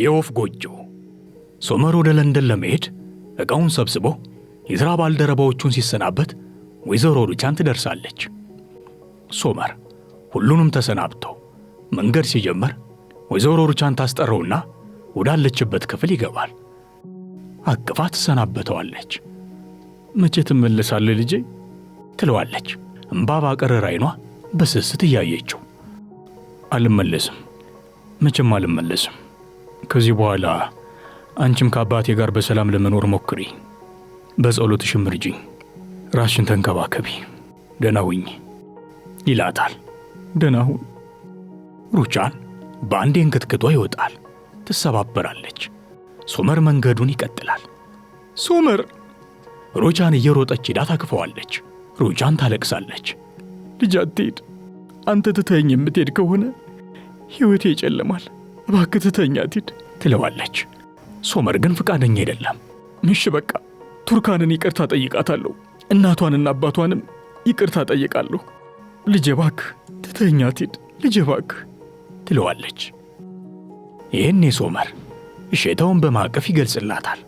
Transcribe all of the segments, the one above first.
የወፍ ጎጆ። ሶመር ወደ ለንደን ለመሄድ ዕቃውን ሰብስቦ የሥራ ባልደረባዎቹን ሲሰናበት ወይዘሮ ሩቻን ትደርሳለች። ሶመር ሁሉንም ተሰናብቶ መንገድ ሲጀመር ወይዘሮ ሩቻን ታስጠረውና ወዳለችበት ክፍል ይገባል። አቅፋ ትሰናበተዋለች። መቼ ትመለሳለህ ልጄ ትለዋለች። እምባ ቀረር ዓይኗ በስስት እያየችው አልመለስም፣ መቼም አልመለስም ከዚህ በኋላ አንቺም ከአባቴ ጋር በሰላም ለመኖር ሞክሪ። በጸሎትሽም እርጂ፣ ራስሽን ተንከባከቢ፣ ደህና ሁኚ ይላታል። ደህና ሁን ሩቻን በአንዴ እንክትክቷ ይወጣል። ትሰባበራለች። ሶመር መንገዱን ይቀጥላል። ሶመር ሩቻን እየሮጠች ሄዳ ታክፈዋለች ሩቻን ታለቅሳለች። ልጅ አትሄድ፣ አንተ ትተኸኝ የምትሄድ ከሆነ ሕይወቴ ይጨልማል። እባክህ ትተኛ አትሄድ ትለዋለች። ሶመር ግን ፍቃደኛ አይደለም። እሺ በቃ ቱርካንን ይቅርታ ጠይቃታለሁ፣ እናቷንና አባቷንም ይቅርታ ጠይቃለሁ። ልጄ እባክህ ትተኛ ልጄ እባክህ ትለዋለች። ይህኔ ሶመር እሼታውን በማዕቀፍ ይገልጽላታል።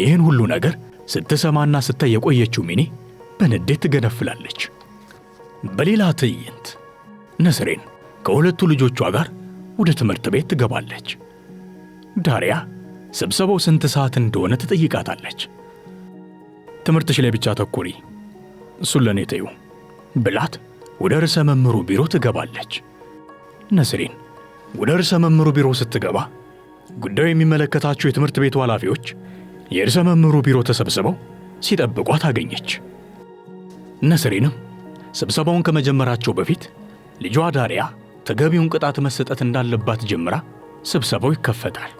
ይህን ሁሉ ነገር ስትሰማና ስታይ የቆየችው ሚኔ በንዴት ትገነፍላለች። በሌላ ትዕይንት ነስሬን ከሁለቱ ልጆቿ ጋር ወደ ትምህርት ቤት ትገባለች። ዳሪያ ስብሰባው ስንት ሰዓት እንደሆነ ትጠይቃታለች። ትምህርትሽ ላይ ብቻ ተኩሪ፣ እሱን ለእኔ ተዩ ብላት ወደ ርዕሰ መምህሩ ቢሮ ትገባለች። ነስሪን ወደ ርዕሰ መምህሩ ቢሮ ስትገባ ጉዳዩ የሚመለከታቸው የትምህርት ቤቱ ኃላፊዎች የርዕሰ መምህሩ ቢሮ ተሰብስበው ሲጠብቋት አገኘች። ነስሪንም ስብሰባውን ከመጀመራቸው በፊት ልጇ ዳሪያ ተገቢውን ቅጣት መሰጠት እንዳለባት ጀምራ ስብሰባው ይከፈታል።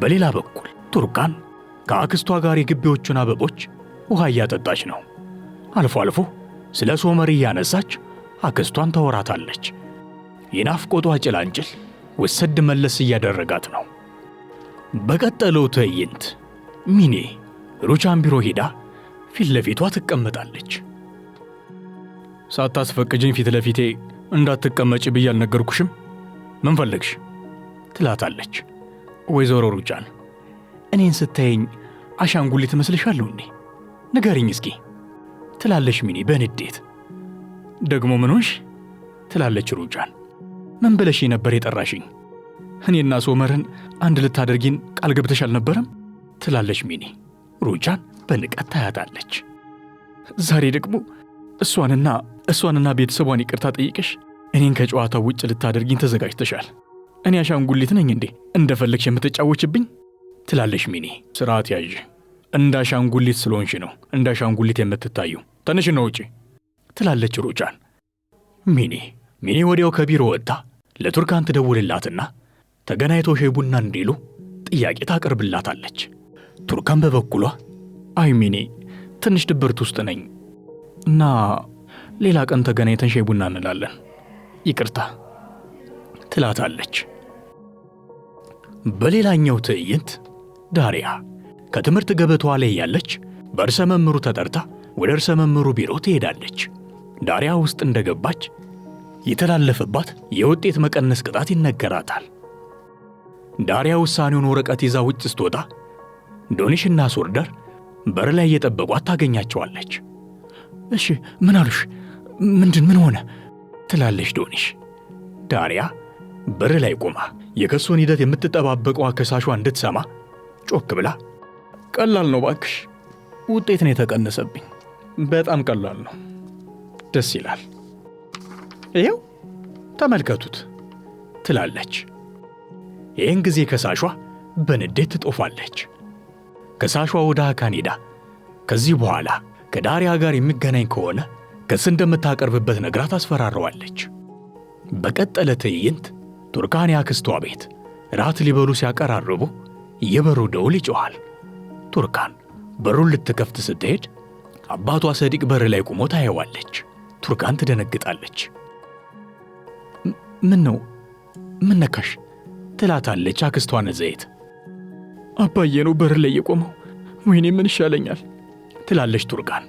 በሌላ በኩል ቱርካን ከአክስቷ ጋር የግቢዎቹን አበቦች ውሃ እያጠጣች ነው። አልፎ አልፎ ስለ ሶመር እያነሳች አክስቷን ታወራታለች። የናፍቆቷ ጭላንጭል ውሰድ መለስ እያደረጋት ነው። በቀጠለው ትዕይንት ሚኔ ሩቻን ቢሮ ሄዳ ፊት ለፊቷ ትቀመጣለች። ሳታስፈቅጅኝ ፊት ለፊቴ እንዳትቀመጭ ብዬ አልነገርኩሽም? ምን ፈለግሽ? ትላታለች። ወይዘሮ ሩጫን እኔን ስታየኝ አሻንጉሊት እመስልሻለሁ እንዴ? ንገሪኝ እስኪ ትላለች ሚኒ በንዴት። ደግሞ ምኖሽ ትላለች ሩጫን። ምን ብለሽ ነበር የጠራሽኝ? እኔና ሶመርን አንድ ልታደርጊን ቃል ገብተሽ አልነበረም? ትላለች ሚኒ። ሩጫን በንቀት ታያታለች። ዛሬ ደግሞ እሷንና እሷንና ቤተሰቧን ይቅርታ ጠይቀሽ እኔን ከጨዋታው ውጭ ልታደርጊን ተዘጋጅተሻል። እኔ አሻንጉሊት ነኝ እንዴ እንደፈለግሽ የምትጫወችብኝ? ትላለች ሚኒ ስርዓት ያዥ። እንደ አሻንጉሊት ስለሆንሽ ነው እንደ አሻንጉሊት የምትታዩ። ተነሽ ነው ውጪ ትላለች ሩጫን። ሚኒ ሚኒ ወዲያው ከቢሮ ወጥታ ለቱርካን ትደውልላትና ተገናኝቶ ሻይ ቡና እንዲሉ ጥያቄ ታቀርብላታለች። ቱርካን በበኩሏ አይ ሚኒ ትንሽ ድብርት ውስጥ ነኝ እና ሌላ ቀን ተገናኝተን ሻይ ቡና እንላለን፣ ይቅርታ ትላታለች። በሌላኛው ትዕይንት ዳሪያ ከትምህርት ገበቷ ላይ ያለች በእርሰ መምሩ ተጠርታ ወደ እርሰ መምሩ ቢሮ ትሄዳለች። ዳሪያ ውስጥ እንደገባች የተላለፈባት የውጤት መቀነስ ቅጣት ይነገራታል። ዳሪያ ውሳኔውን ወረቀት ይዛ ውጭ ስትወጣ ዶኒሽና ሶርደር በር ላይ እየጠበቋት ታገኛቸዋለች። እሺ ምን አሉሽ? ምንድን ምን ሆነ? ትላለች ዶኒሽ ዳሪያ በር ላይ ቆማ የከሶን ሂደት የምትጠባበቀዋ ከሳሿ እንድትሰማ ጮክ ብላ ቀላል ነው ባክሽ፣ ውጤት ነው የተቀነሰብኝ። በጣም ቀላል ነው። ደስ ይላል። ይኸው ተመልከቱት ትላለች። ይህን ጊዜ ከሳሿ በንዴት ትጦፋለች። ከሳሿ ወደ አካን ሄዳ ከዚህ በኋላ ከዳሪያ ጋር የሚገናኝ ከሆነ ክስ እንደምታቀርብበት ነግራ አስፈራረዋለች። በቀጠለ ትዕይንት ቱርካን ያክስቷ ቤት ራት ሊበሉ ሲያቀራርቡ የበሩ ደውል ይጮኋል። ቱርካን በሩን ልትከፍት ስትሄድ አባቷ ሰዲቅ በር ላይ ቁሞ ታየዋለች። ቱርካን ትደነግጣለች። ምን ነው ምን ነካሽ? ትላታለች አክስቷ ነዘይት። አባዬ ነው በር ላይ የቆመው። ወይኔ ምን ይሻለኛል? ትላለች ቱርካን።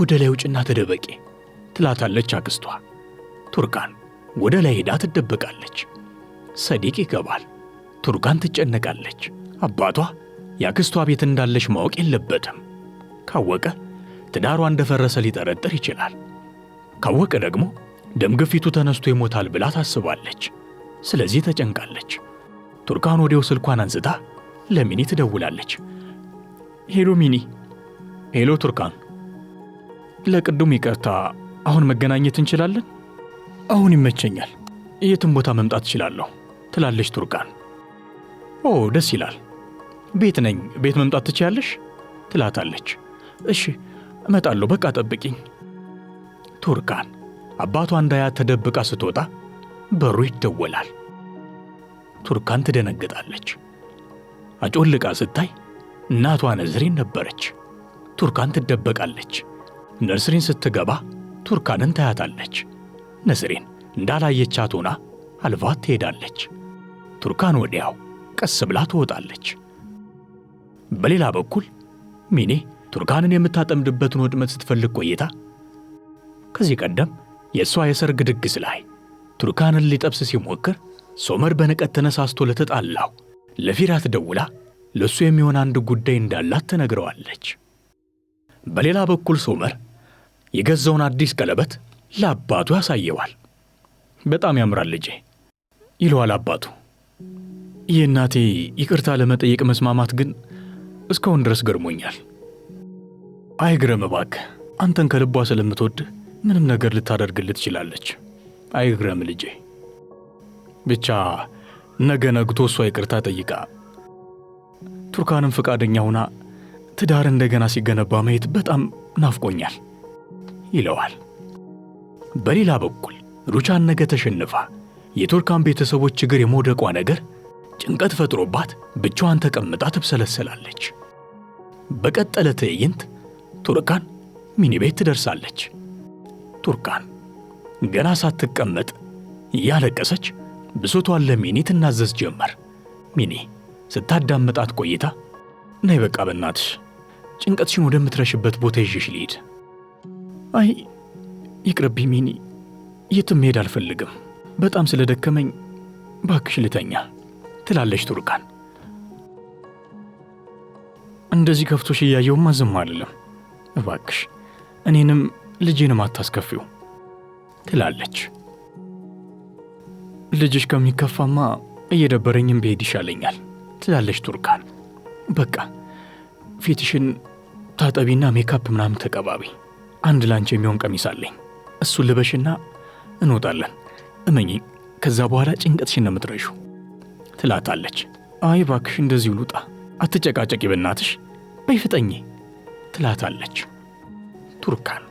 ወደ ላይ ውጭና ተደበቄ ትላታለች አክስቷ ቱርካን ወደ ላይ ሄዳ ትደበቃለች። ሰዲቅ ይገባል። ቱርካን ትጨነቃለች። አባቷ የአክስቷ ቤት እንዳለች ማወቅ የለበትም። ካወቀ ትዳሯ እንደፈረሰ ሊጠረጥር ይችላል። ካወቀ ደግሞ ደም ግፊቱ ተነስቶ ይሞታል ብላ ታስባለች። ስለዚህ ተጨንቃለች። ቱርካን ወዲያው ስልኳን አንስታ ለሚኒ ትደውላለች። ሄሎ ሚኒ። ሄሎ ቱርካን፣ ለቅዱም ይቅርታ፣ አሁን መገናኘት እንችላለን? አሁን ይመቸኛል፣ የትም ቦታ መምጣት እችላለሁ ትላለች ቱርካን። ኦ ደስ ይላል፣ ቤት ነኝ፣ ቤት መምጣት ትችያለሽ ትላታለች። እሺ እመጣለሁ፣ በቃ ጠብቂኝ። ቱርካን አባቷ እንዳያ ተደብቃ ስትወጣ በሩ ይደወላል። ቱርካን ትደነግጣለች። አጮልቃ ስታይ እናቷ ነዝሪን ነበረች። ቱርካን ትደበቃለች። ነርስሪን ስትገባ ቱርካንን ታያታለች። ንስሬን እንዳላየቻት ሆና አልባት ትሄዳለች። ቱርካን ወዲያው ቀስ ብላ ትወጣለች። በሌላ በኩል ሚኔ ቱርካንን የምታጠምድበትን ወጥመድ ስትፈልግ ቆይታ ከዚህ ቀደም የእሷ የሰርግ ድግስ ላይ ቱርካንን ሊጠብስ ሲሞክር ሶመር በንቀት ተነሳስቶ ለተጣላው ለፊራት ደውላ ለእሱ የሚሆን አንድ ጉዳይ እንዳላት ትነግረዋለች። በሌላ በኩል ሶመር የገዛውን አዲስ ቀለበት ለአባቱ ያሳየዋል። በጣም ያምራል ልጄ ይለዋል አባቱ። የእናቴ ይቅርታ ለመጠየቅ መስማማት ግን እስካሁን ድረስ ገርሞኛል። አይግረም እባክህ፣ አንተን ከልቧ ስለምትወድ ምንም ነገር ልታደርግልህ ትችላለች። አይግረም ልጄ። ብቻ ነገ ነግቶ እሷ ይቅርታ ጠይቃ ቱርካንም ፈቃደኛ ሁና ትዳር እንደገና ሲገነባ ማየት በጣም ናፍቆኛል ይለዋል። በሌላ በኩል ሩቻን ነገ ተሸንፋ የቱርካን ቤተሰቦች እግር የመውደቋ ነገር ጭንቀት ፈጥሮባት ብቻዋን ተቀምጣ ትብሰለሰላለች። በቀጠለ ትዕይንት ቱርካን ሚኒ ቤት ትደርሳለች። ቱርካን ገና ሳትቀመጥ እያለቀሰች ብሶቷን ለሚኒ ትናዘዝ ጀመር። ሚኒ ስታዳምጣት ቆይታ ነይ በቃ በናትሽ ጭንቀትሽን ወደምትረሽበት ቦታ ይዤሽ ልሂድ አይ ይቅርብ ሚኒ፣ የትም መሄድ አልፈልግም። በጣም ስለደከመኝ ባክሽ ልተኛ ትላለች ቱርካን። እንደዚህ ከፍቶሽ እያየውማ ዝም አልልም። እባክሽ እኔንም ልጄንም አታስከፊው ትላለች። ልጅሽ ከሚከፋማ እየደበረኝም ብሄድ ይሻለኛል ትላለች ቱርካን። በቃ ፊትሽን ታጠቢና ሜካፕ ምናምን ተቀባቢ። አንድ ላንቺ የሚሆን ቀሚስ አለኝ እሱን ልበሽና እንወጣለን። እመኝ ከዛ በኋላ ጭንቀትሽን ነው የምትረሺው ትላታለች። አይ ባክሽ፣ እንደዚሁ ልውጣ፣ አትጨቃጨቂ በናትሽ፣ በይ ትላታለች። ቱርካን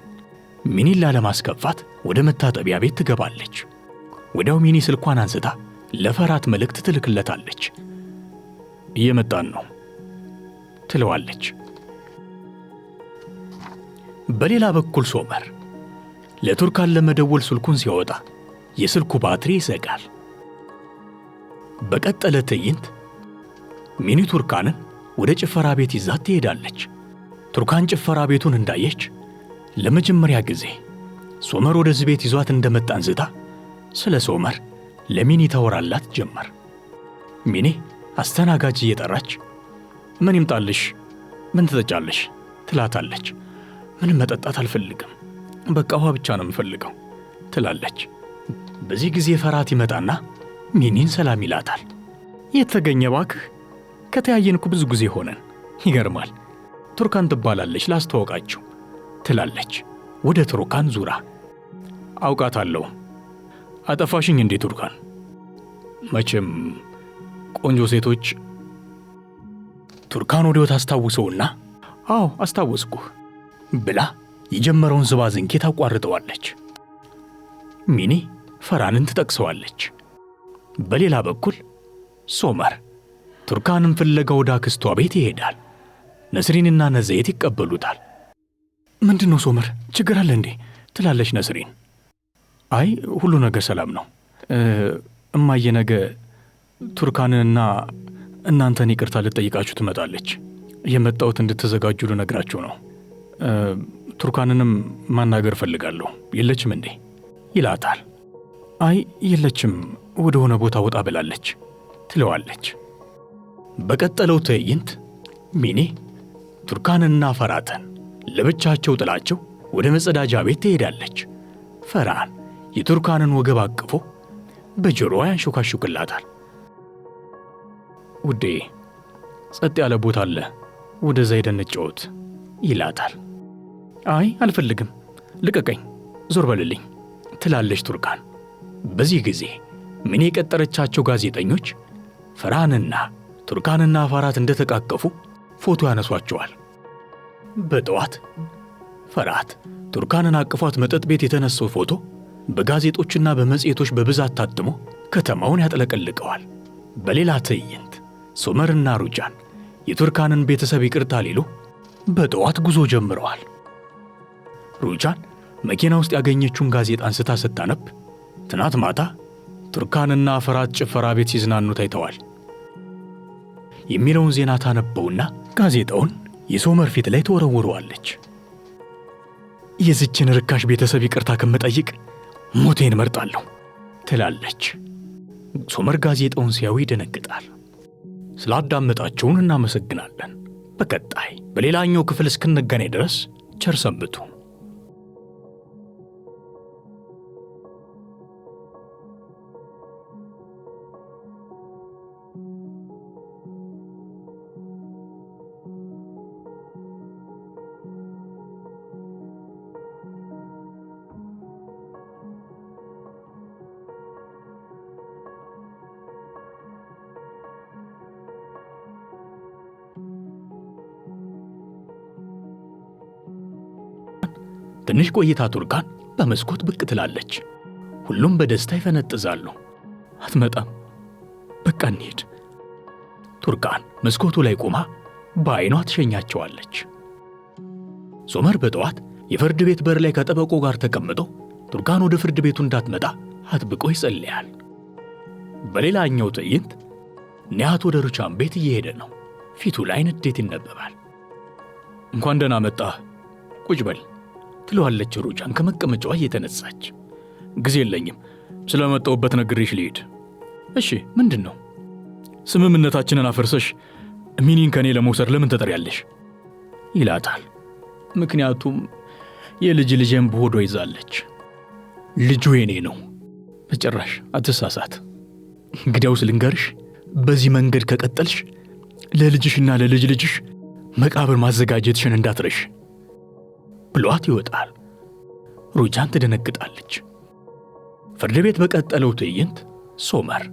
ሚኒን ላለማስከፋት ወደ መታጠቢያ ቤት ትገባለች። ወዲያው ሚኒ ስልኳን አንስታ ለፈራት መልእክት ትልክለታለች። እየመጣን ነው ትለዋለች። በሌላ በኩል ሶመር ለቱርካን ለመደወል ስልኩን ሲያወጣ የስልኩ ባትሪ ይዘጋል። በቀጠለ ትዕይንት ሚኒ ቱርካንን ወደ ጭፈራ ቤት ይዛት ትሄዳለች። ቱርካን ጭፈራ ቤቱን እንዳየች ለመጀመሪያ ጊዜ ሶመር ወደዚህ ቤት ይዟት እንደመጣ አንስታ ስለ ሶመር ለሚኒ ታወራላት ጀመር። ሚኒ አስተናጋጅ እየጠራች ምን ይምጣልሽ፣ ምን ትጠጫለሽ ትላታለች። ምንም መጠጣት አልፈልግም በቃ ውሃ ብቻ ነው የምፈልገው ትላለች። በዚህ ጊዜ ፈራት ይመጣና ሚኒን ሰላም ይላታል። የተገኘ ባክህ ከተያየንኩ ብዙ ጊዜ ሆነን፣ ይገርማል። ቱርካን ትባላለች፣ ላስተዋውቃችሁ ትላለች። ወደ ቱርካን ዙራ አውቃታለሁ። አጠፋሽኝ እንዴ ቱርካን? መቼም ቆንጆ ሴቶች ቱርካን ወዲያው ታስታውሰውና አዎ አስታወስኩህ ብላ የጀመረውን ዝባዝንኬ ታቋርጠዋለች። ሚኒ ፈራንን ትጠቅሰዋለች። በሌላ በኩል ሶመር ቱርካንን ፍለጋ ወደ አክስቷ ቤት ይሄዳል። ነስሪንና ነዘየት ይቀበሉታል። ምንድን ነው ሶመር፣ ችግር አለ እንዴ? ትላለች ነስሪን። አይ ሁሉ ነገር ሰላም ነው እማዬ፣ ነገ ቱርካንንና እናንተን ይቅርታ ልጠይቃችሁ ትመጣለች። የመጣሁት እንድትዘጋጁ ልነግራችሁ ነው። ቱርካንንም ማናገር እፈልጋለሁ የለችም እንዴ ይላታል። አይ የለችም፣ ወደ ሆነ ቦታ ወጣ ብላለች ትለዋለች። በቀጠለው ትዕይንት ሚኔ ቱርካንና ፈራተን ለብቻቸው ጥላቸው ወደ መጸዳጃ ቤት ትሄዳለች። ፈራን የቱርካንን ወገብ አቅፎ በጆሮዋ ያንሾካሹቅላታል። ውዴ ጸጥ ያለ ቦታ አለ፣ ወደዛ ሄደን እንጫወት ይላታል። አይ አልፈልግም፣ ልቀቀኝ፣ ዞር በልልኝ ትላለች ቱርካን። በዚህ ጊዜ ምን የቀጠረቻቸው ጋዜጠኞች ፍርሃንና ቱርካንና ፋራት እንደተቃቀፉ ፎቶ ያነሷቸዋል። በጠዋት ፈርሃት ቱርካንን አቅፏት መጠጥ ቤት የተነሳው ፎቶ በጋዜጦችና በመጽሔቶች በብዛት ታትሞ ከተማውን ያጥለቀልቀዋል። በሌላ ትዕይንት ሶመርና ሩጃን የቱርካንን ቤተሰብ ይቅርታ ሊሉ በጠዋት ጉዞ ጀምረዋል። ሩጃን መኪና ውስጥ ያገኘችውን ጋዜጣ አንስታ ስታነብ ትናት ማታ ቱርካንና አፈራት ጭፈራ ቤት ሲዝናኑ ታይተዋል የሚለውን ዜና ታነበውና ጋዜጣውን የሶመር ፊት ላይ ትወረውረዋለች። የዝችን ርካሽ ቤተሰብ ይቅርታ ከምጠይቅ ሞቴን መርጣለሁ ትላለች። ሶመር ጋዜጣውን ሲያዊ ይደነግጣል። ስላዳመጣችሁን እናመሰግናለን። በቀጣይ በሌላኛው ክፍል እስክንገናኝ ድረስ ቸር ሰንብቱ። ትንሽ ቆይታ ቱርካን በመስኮት ብቅ ትላለች። ሁሉም በደስታ ይፈነጥዛሉ። አትመጣም፣ በቃ እንሄድ። ቱርካን መስኮቱ ላይ ቆማ በዐይኗ ትሸኛቸዋለች። ሶመር በጠዋት የፍርድ ቤት በር ላይ ከጠበቆ ጋር ተቀምጦ ቱርካን ወደ ፍርድ ቤቱ እንዳትመጣ አጥብቆ ይጸልያል። በሌላኛው ትዕይንት ኒያት ወደ ሩቻን ቤት እየሄደ ነው። ፊቱ ላይ ንዴት ይነበባል። እንኳን ደህና መጣህ፣ ቁጭ በል ትለዋለች ሩጫን ከመቀመጫዋ እየተነሳች። ጊዜ የለኝም፣ ስለመጣሁበት ነግሬሽ ልሄድ። እሺ ምንድን ነው? ስምምነታችንን አፈርሰሽ ሚኒን ከእኔ ለመውሰድ ለምን ተጠሪያለሽ? ይላታል። ምክንያቱም የልጅ ልጄን በሆዷ ይዛለች። ልጁ የኔ ነው፣ በጭራሽ አትሳሳት። እንግዲያውስ ልንገርሽ፣ በዚህ መንገድ ከቀጠልሽ ለልጅሽና ለልጅ ልጅሽ መቃብር ማዘጋጀትሽን እንዳትረሽ። ብሏት ይወጣል። ሩጃን ትደነግጣለች። ፍርድ ቤት በቀጠለው ትዕይንት ሶመር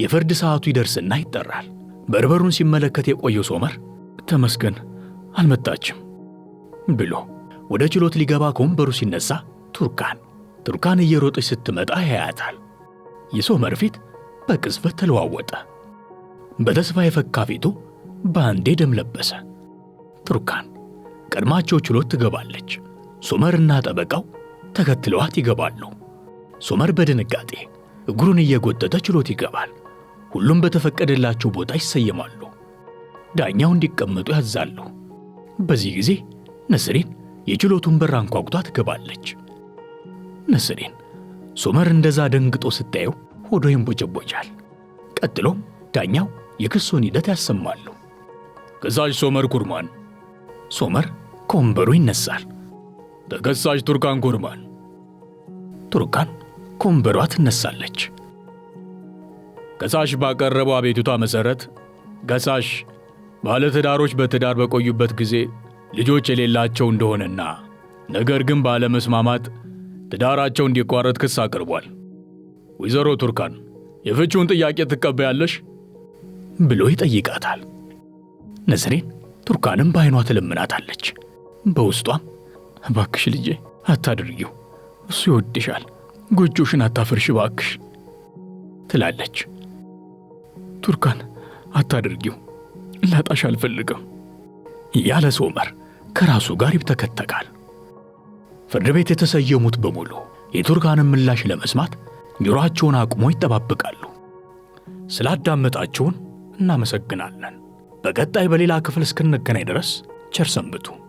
የፍርድ ሰዓቱ ይደርስና ይጠራል። በርበሩን ሲመለከት የቆየው ሶመር ተመስገን አልመጣችም ብሎ ወደ ችሎት ሊገባ ከወንበሩ ሲነሳ ቱርካን ቱርካን እየሮጠች ስትመጣ ያያታል። የሶመር ፊት በቅጽበት ተለዋወጠ። በተስፋ የፈካ ፊቱ በአንዴ ደም ለበሰ። ቱርካን ቀድማቸው ችሎት ትገባለች። ሶመርና ጠበቃው ተከትለዋት ይገባሉ። ሶመር በድንጋጤ እግሩን እየጎተተ ችሎት ይገባል። ሁሉም በተፈቀደላቸው ቦታ ይሰየማሉ። ዳኛው እንዲቀመጡ ያዛሉ። በዚህ ጊዜ ነስሪን የችሎቱን በር አንኳኩታ ትገባለች። ነስሪን ሶመር እንደዛ ደንግጦ ስታየው ሆዶ ይንቦጨቦጫል። ቀጥሎም ዳኛው የክሱን ሂደት ያሰማሉ። ከዛች ሶመር ኩርማን ሶመር ከወንበሩ ይነሳል። ተከሳሽ ቱርካን ኩርማን። ቱርካን ከወንበሯ ትነሳለች። ከሳሽ ባቀረበው አቤቱታ መሠረት ከሳሽ ባለትዳሮች በትዳር በቆዩበት ጊዜ ልጆች የሌላቸው እንደሆነና ነገር ግን ባለመስማማት ትዳራቸው እንዲቋረጥ ክስ አቅርቧል። ወይዘሮ ቱርካን የፍቺውን ጥያቄ ትቀበያለሽ ብሎ ይጠይቃታል። ነስሬን ቱርካንም በዓይኗ ትለምናታለች፣ በውስጧም እባክሽ ልጄ አታድርጊው፣ እሱ ይወድሻል፣ ጎጆሽን አታፈርሽ እባክሽ ትላለች። ቱርካን አታድርጊው፣ ላጣሽ አልፈልግም ያለ ሶመር ከራሱ ጋር ይብተከተካል። ፍርድ ቤት የተሰየሙት በሙሉ የቱርካንን ምላሽ ለመስማት ጆሮአቸውን አቁሞ ይጠባበቃሉ። ስላዳመጣችሁን እናመሰግናለን። በቀጣይ በሌላ ክፍል እስክንገናኝ ድረስ ቸር ሰንብቱ።